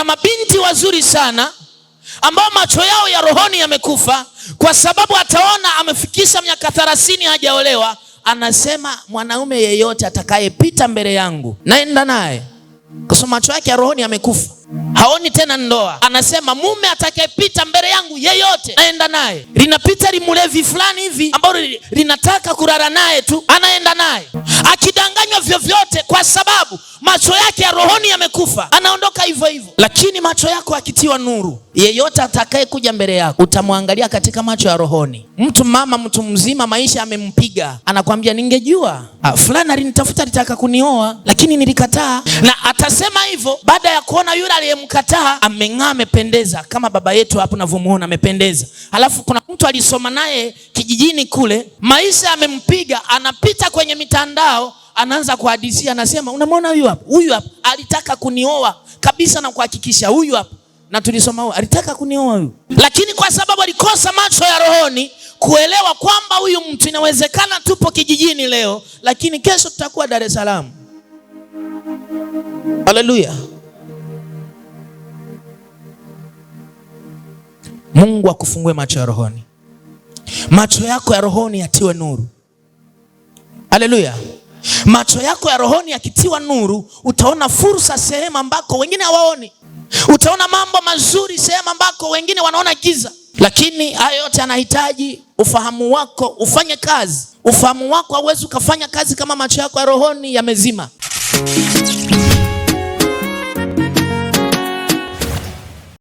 kuna mabinti wazuri sana ambao macho yao ya rohoni yamekufa, kwa sababu ataona amefikisha miaka thelathini hajaolewa, anasema mwanaume yeyote atakayepita mbele yangu naenda naye, kwa sababu macho yake ya rohoni yamekufa haoni tena ndoa, anasema mume atakayepita mbele yangu yeyote naenda naye. Linapita limulevi fulani hivi ambalo linataka kulala naye tu, anaenda naye akidanganywa vyovyote, kwa sababu macho yake ya rohoni yamekufa, anaondoka hivyo hivyo. Lakini macho yako akitiwa nuru, yeyote atakayekuja mbele yako utamwangalia katika macho ya rohoni. Mtu mama, mtu mzima, maisha amempiga, anakwambia ningejua ah, fulani alinitafuta alitaka kunioa lakini nilikataa. Na atasema hivyo baada ya kuona yule aliyemkataa ameng'aa, amependeza kama baba yetu hapo unavyomuona amependeza. Alafu kuna mtu alisoma naye kijijini kule, maisha amempiga, anapita kwenye mitandao anaanza kuhadisia, anasema unamwona huyu hapa, huyu hapa alitaka kunioa kabisa na kuhakikisha, huyu hapa na tulisoma, huyu oh, alitaka kunioa huyu, lakini kwa sababu alikosa macho ya rohoni kuelewa kwamba huyu mtu inawezekana tupo kijijini leo, lakini kesho tutakuwa Dar es Salaam. Haleluya! Mungu akufungue macho ya rohoni, macho yako ya rohoni yatiwe nuru. Haleluya! macho yako ya rohoni yakitiwa nuru, utaona fursa sehemu ambako wengine hawaoni, utaona mambo mazuri sehemu ambako wengine wanaona giza. Lakini haya yote anahitaji ufahamu wako ufanye kazi. Ufahamu wako hauwezi ukafanya kazi kama macho yako ya rohoni yamezima.